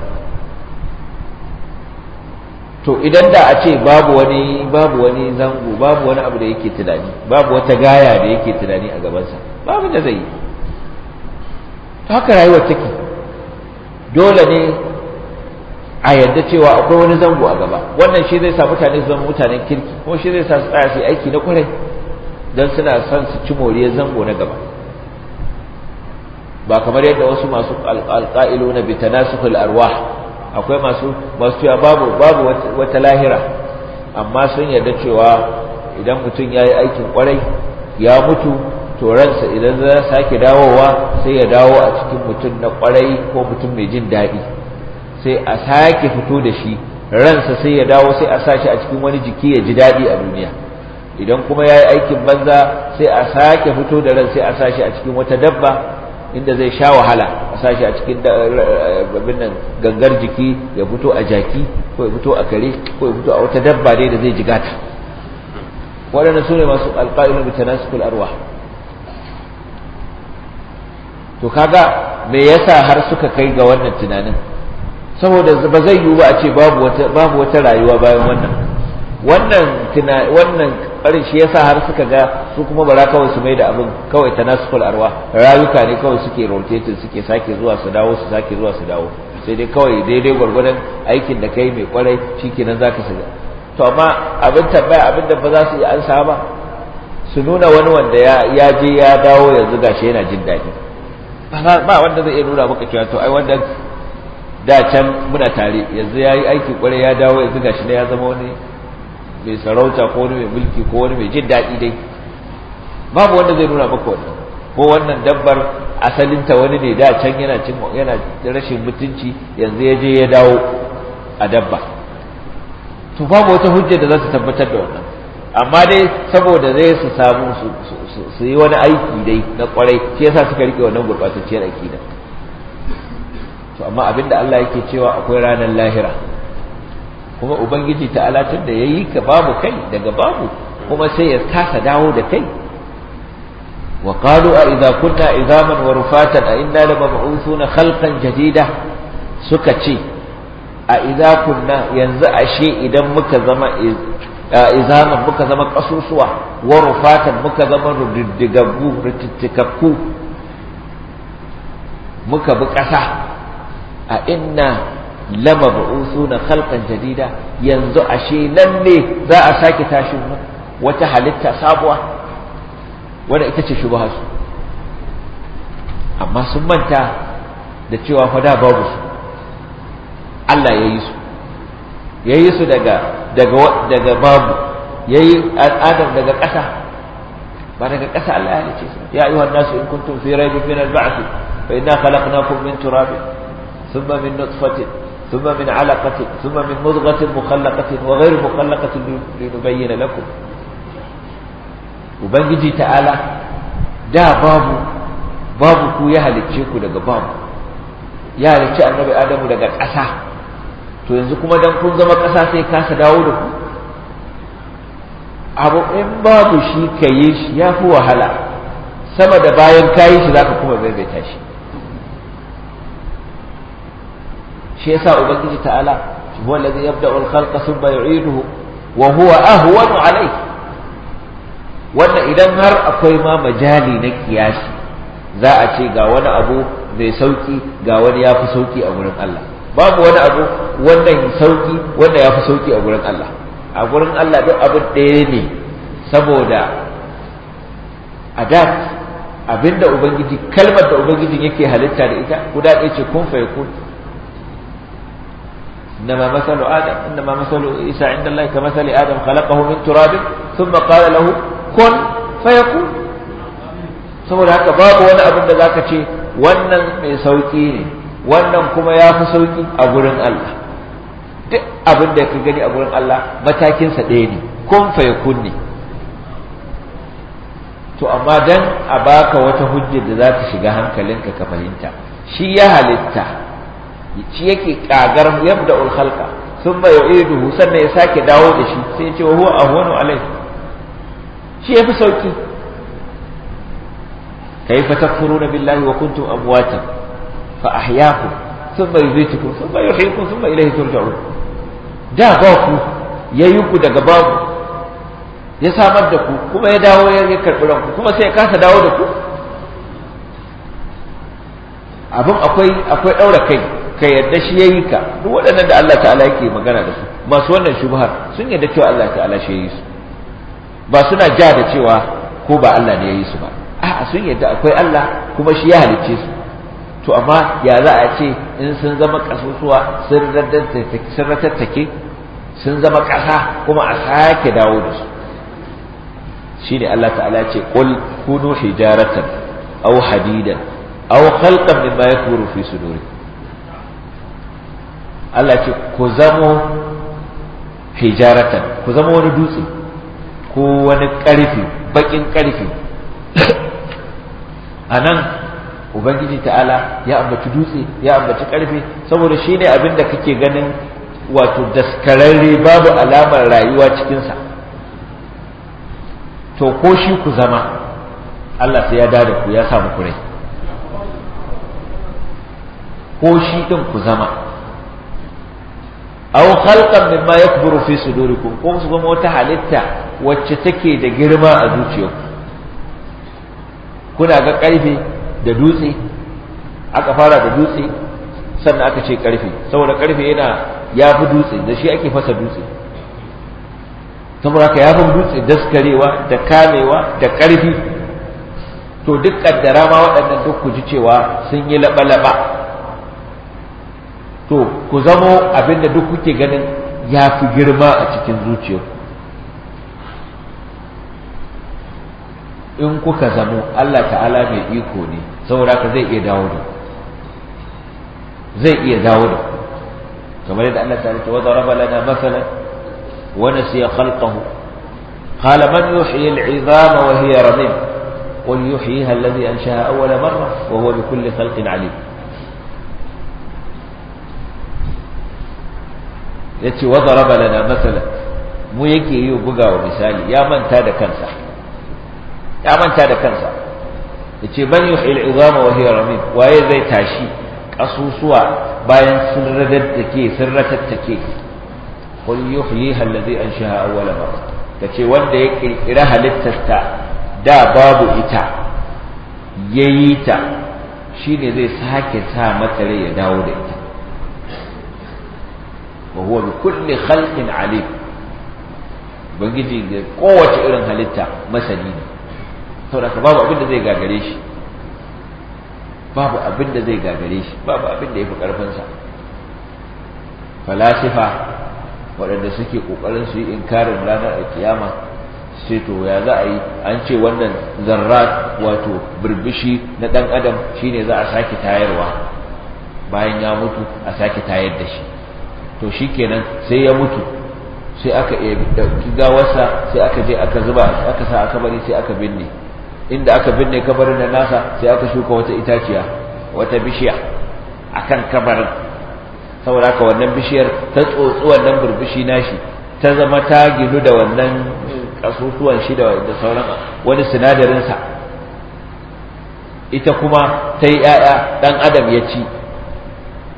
to idan da a ce babu wani babu wani zango babu wani abu da yake tunani babu wata gaya da yake tunani a gabansa babu da zai yi haka rayuwar take dole ne a yadda cewa akwai wani zango a gaba wannan shi zai sa mutane zama mutanen kirki kuma shi zai sa su tsaya su aiki na kwarai don suna son su ci moriyar zango na gaba ba kamar yadda wasu masu alƙa'ilo na bitanasukul arwah akwai masu masu cewa babu babu wata lahira amma sun yarda cewa idan mutum yayi aikin kwarai ya mutu to ransa idan za sake dawowa sai ya dawo a cikin mutum na kwarai ko mutum mai jin daɗi sai a sake fito da shi ransa sai ya dawo sai a sashi a cikin wani jiki ya ji daɗi a duniya idan kuma ya yi aikin banza sai a sake fito da ran sai a shi a cikin wata dabba inda zai sha wahala sashi a cikin eh, abin nan gangar jiki ya fito a jaki ko ya fito a kare ko ya fito a wata dabba ne da zai jiga ta waɗanda su ne masu alƙa'ilun bi tanasikul arwa to kaga me yasa har suka kai ga wannan tunanin saboda ba zai yiwu ba a ce babu wata babu wata rayuwa bayan wannan wannan wannan barin shi yasa har suka ga su kuma bara kawai su mai da abin kawai tanasukul arwa rayuka ne kawai suke rotating suke sake zuwa su dawo su sake zuwa su dawo sai dai kawai daidai gwargwadon aikin da kai mai kwarai shikenan zaka shiga to amma abin tambaya abin da ba za su yi an saba su nuna wani wanda ya je ya dawo yanzu gashi yana jin daɗi ba wanda zai iya nuna maka cewa to ai wanda da can muna tare yanzu ya yi aiki kwarai ya dawo yanzu gashi ne ya zama wani mai sarauta ko wani mai mulki ko wani mai jin daɗi dai babu wanda zai nuna maka wannan ko wannan dabbar asalinta wani ne da can yana cin yana rashin mutunci yanzu ya je ya dawo a dabba to babu wata hujja da za su tabbatar da wannan amma dai saboda zai su samu su yi wani aiki dai na kwarai shi yasa suka rike wannan aiki akida to amma abinda Allah yake cewa akwai ranar lahira kuma ubangiji ta alatar da ya yi ka babu kai daga babu kuma sai ya kasa dawo da kai wa qalu a idza kunna idaman wa rufatan a inna lamab'uthuna khalqan jadida suka ce a idza kunna yanzu ashe idan muka zama izaman muka zama kasusuwa wa rufatan muka zama rudiddigaggu ritittikakku muka bi ƙasa a inna lama ba'usu na khalqan jadida yanzu ashe nan ne za a sake tashin wata halitta sabuwa wadda ita ce shubha su amma sun manta da cewa fa da babu su Allah ya yi su ya yi su daga daga daga babu ya yi adam daga ƙasa ba daga ƙasa Allah ya halice su ya yi wannan su in kuntum fi raibin min al-ba'th fa inna khalaqnakum min turabin thumma min nutfatin ثم من علقة ثم من مضغة مخلقة وغير مخلقة لنبين لكم وبنجي تعالى دا بابو بابو كو يهلكي كو daga babu ya halicci annabi adamu daga ƙasa to yanzu kuma dan kun zama ƙasa sai kasa dawo da ku abu in babu shi kayi shi ya fi wahala sama da bayan kayi shi zaka kuma maimaita shi shi yasa ubangiji ta'ala huwa allazi yabda'u al-khalqa thumma yu'iduhu wa huwa ahwanu alayhi wanda idan har akwai ma majali na kiyasi za a ce ga wani abu mai sauki ga wani ya fi sauki a gurin Allah babu wani abu wannan sauki wanda ya fi sauki a gurin Allah a gurin Allah duk abin ɗaya ne saboda adat abinda ubangiji kalmar da ubangiji yake halitta da ita guda ɗaya ce kun fa إنما مثل آدم إنما مثل عيسى عند الله كمثل آدم خلقه من تراب ثم قال له كن فيكون saboda haka babu wani abin da zaka ce wannan mai sauki ne wannan kuma ya fi sauki a gurin Allah duk abin da ka gani a gurin Allah matakinsa ɗaya ne kun fa yakun to amma dan a baka wata hujjar da za ta shiga hankalinka ka fahimta shi ya halitta shi yake kagar yabda ul khalqa thumma yu'iduhu sannan ya sake dawo da shi sai ya ce wa huwa ahwanu alai shi yafi sauki kayfa takfuruna billahi wa kuntum amwatan fa sun bai yumitukum thumma Sun bai ilayhi turja'un da ba ku yayi ku daga babu ya samar da ku kuma ya dawo ya karɓi ranku kuma sai ya kasa dawo da ku abin akwai akwai ɗaura kai ka yadda shi yayi ka duk waɗannan da Allah ta'ala yake magana da su masu wannan shubhar sun yadda cewa Allah ta'ala shi yayi su ba suna ja da cewa ko ba Allah ne yayi su ba a'a sun yadda akwai Allah kuma shi ya halicce su to amma ya za a ce in sun zama kasusuwa sun ratattake sun zama ƙasa kuma a sake dawo da su shi ne Allah ta'ala ce ƙul kunu hijaratan aw hadidan aw khalqan mimma yakuru fi sudurikum Allah ce ku zamo hijaratan ku zama wani dutse ko wani ƙarfi baƙin ƙarfi <coughs> a nan ubangiji ta'ala ya ambaci dutse ya ambaci ƙarfi saboda shi ne abin da kake ganin wato daskararre babu alamar rayuwa cikinsa to ko shi ku zama Allah sai ya dada ku ya samu kurai ko shi ɗin ku zama aw khalqan mimma yakburu fi sudurikum ko su kuma wata halitta wacce take da girma a zuciyarku kuna ga karfe da dutse aka fara da dutse sannan aka ce karfe saboda karfe yana yafi dutse da shi ake fasa dutse saboda haka yafi dutse daskarewa da kamewa da karfi to duk kaddara ma waɗannan duk ku ji cewa sun yi laɓa-laɓa to ku zamo abinda duk kuke ganin ya fi girma a cikin zuciyarku in kuka zamo Allah ta'ala mai iko ne saboda ka zai iya dawo da zai iya dawo da kamar yadda Allah ta'ala ta wadda raba lana masalan wa nasiya khalqahu qala man yuhyi al'izam wa hiya ramim qul yuhyiha alladhi anshaha awwala marra wa huwa bi kulli khalqin alim ya ce wa zaraba lana masala mu yake yi bugawa misali ya manta da kansa ya manta da kansa ya ce ban yuhil izama wa hiya ramim waye zai tashi kasusuwa bayan sun radaddake sun ratattake qul yuhyiha allazi anshaha awwala marra kace wanda ya kirkira halittarta da babu ita yayi ta shine zai sake sa mata rai ya dawo da ita wa huwa bi kulli khalqin alim ubangiji da kowace irin halitta masani ne saboda babu abin da zai gagare shi babu abin da zai gagare shi babu abin da ya fi karfinsa. falasifa waɗanda suke ƙoƙarin su yi inkarin ranar kiyama sai to ya za a yi an ce wannan zarrat wato birbishi na ɗan adam shine za a sake tayarwa bayan ya mutu a sake tayar da shi to shikenan sai ya mutu sai aka ɗauki gawarsa sai aka je aka zuba aka sa aka bari sai aka binne inda aka binne kabarin da nasa sai aka shuka wata itaciya wata bishiya A kan kabarin saboda haka wannan bishiyar ta tsotsi wannan burbushi nashi ta zama ta ginu da wannan kasusuwan shi da sauran wani sinadarinsa ita kuma ta yi ‘ya'ya ɗan adam ya ci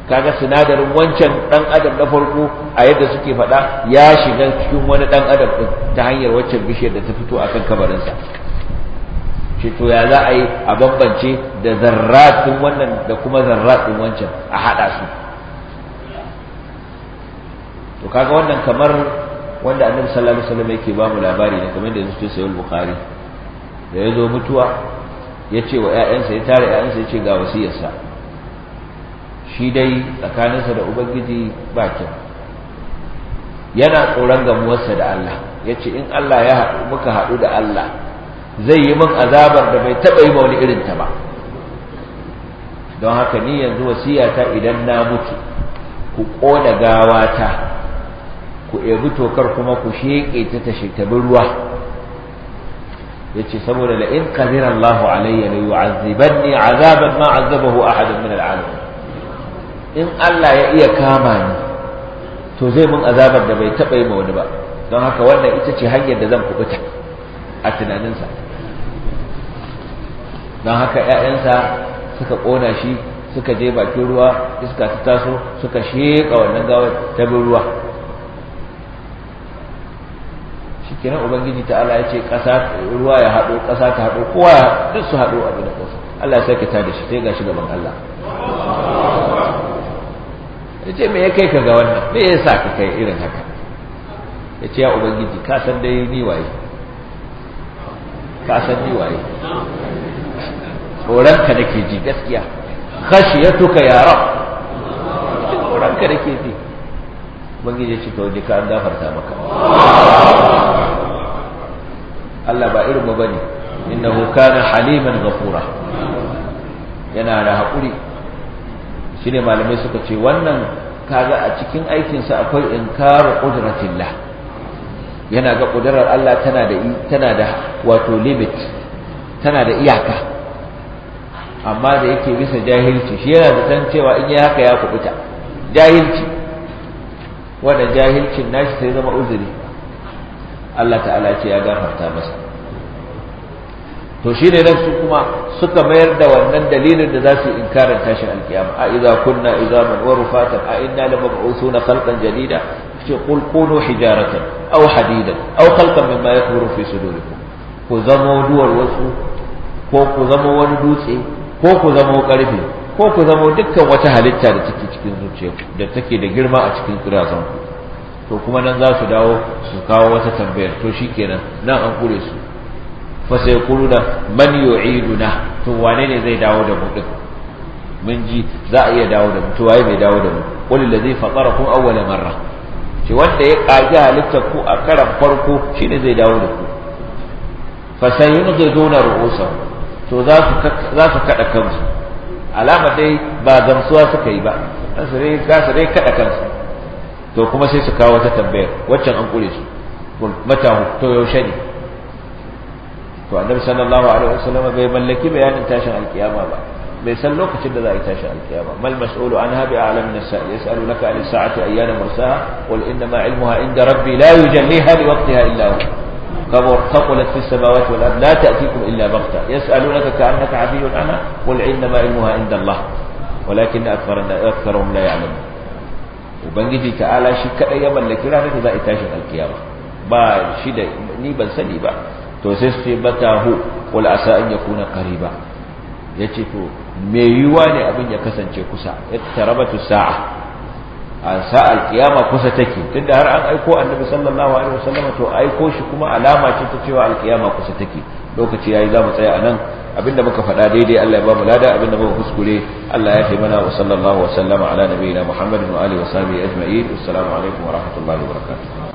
kaga sinadarin wancan dan adam na farko a yadda suke faɗa ya shiga cikin wani dan adam din ta hanyar waccan bishiyar da ta fito akan kabarinsa shi to ya za a yi a bambance da zarratin wannan da kuma zarratin wancan a haɗa su to kaga wannan kamar wanda annabi sallallahu alaihi wasallam yake ba mu labari ne kamar da yanzu sai bukhari da ya zo mutuwa ya ce wa ‘ya'yansa ya tara ‘ya'yansa ya ce ga wasiyarsa shi dai tsakaninsa da ubangiji ba kyau yana tsoron gamuwarsa da Allah ya ce in Allah ya muka haɗu da Allah zai yi min azabar da bai taɓa yi ma wani irinta ba don haka ni yanzu wasiyata idan na mutu ku ƙona gawata ku ebi tokar kuma ku sheƙe ta ta shekabin ruwa ya ce saboda la'in ƙazirar Allah alayya ne yi wa azaban ma azabahu min al'alamin in Allah ya iya kama ni to zai mun azabar da bai taɓa yi ma wani ba don haka wannan ita ce hanyar da zan kubuta a tunaninsa don haka ‘ya'yansa suka ƙona shi suka je bakin ruwa iska ta taso suka sheƙa wannan gawar ta bin ruwa shi kenan ubangiji ta Allah ya ce ruwa ya haɗo ƙasa ta haɗo kowa duk su haɗo abin da ƙasa Allah ya sake ta da shi sai ga shi gaban Allah ya ce me ya kai ka ga wannan me ya sa ka kai irin haka ya ce ya ubangiji ka san dai ni waye ka san ni waye tsoronka nake ji gaskiya khashiyatuka ya rab tsoronka nake ji ubangiji ya ce to ni ka an gafarta maka Allah ba irin ba bane innahu kana haliman ghafura yana da haƙuri shine malamai suka ce wannan kaga a cikin aikinsa akwai inkaru qudratillah yana ga ƙudurar Allah tana da da wato limit tana da iyaka amma da yake bisa jahilci shi yana da san cewa in yi haka ya kubuta jahilci wanda jahilcin nashi sai zama uzuri Allah ta'ala ce ya gafarta masa to shi ne su kuma suka mayar da wannan dalilin da za su inkarin tashin alkiyama a iza kunna iza man wa rufatan a inna lama ba'usuna khalqan jadida ce qul kunu hijaratan aw hadidan aw khalqan mimma yakburu fi sudurikum ku zama duwar wasu ko ku zama wani dutse ko ku zama karfe ko ku zama dukkan wata halitta da take cikin zuciyarku da take da girma a cikin kirazanku to kuma nan za su dawo su kawo wata tambayar to kenan nan an kure su fa sai kuruna man yu'iduna to wane ne zai dawo da mu din mun ji za a iya dawo da mu to waye bai dawo da mu qul allazi fatarakum awwala marra shi wanda ya kaji halitta ku a karan farko shine zai dawo da ku fa sayunqiduna ru'usahum to za su za su kada kansu alama dai ba gamsuwa suka yi ba sai su dai kada kansu to kuma sai su kawo wata tambayar waccan an kure su mata to yaushe ne to annabi sallallahu alaihi wasallam bai mallaki bayanin tashin alkiyama ba bai san lokacin da za a yi tashin alkiyama mal mas'ulu anha bi a'lam min as-sa'i yas'alu laka an as-sa'ati ayyana mursaha wal inna ma ilmuha inda rabbi la yujalliha li waqtiha illa hu kabur taqulat كبر ثقلت في السماوات والارض لا تاتيكم الا بغته يسالونك كانك عفي عنها قل انما علمها inda allah walakin akthara akthara la ya'lam ubangiji ta'ala shi kadai ya mallaki ranar da za a yi tashin alkiyama ba shi da ni ban sani ba to sai su ce matahu qul asa an yakuna qariba yace to me yiwa ne abin ya kasance kusa ittarabatu sa'a a sa'al kiyama kusa take tunda har an aiko annabi sallallahu alaihi wasallam to aiko shi kuma alama ce ta cewa alkiyama kusa take lokaci yayi za mu tsaya anan abinda muka faɗa daidai Allah ya ba mu lada abinda muka kuskure Allah ya taimana wa sallallahu wa sallama ala nabiyina Muhammadin wa alihi wa sahbihi ajma'in assalamu alaikum wa rahmatullahi wa barakatuh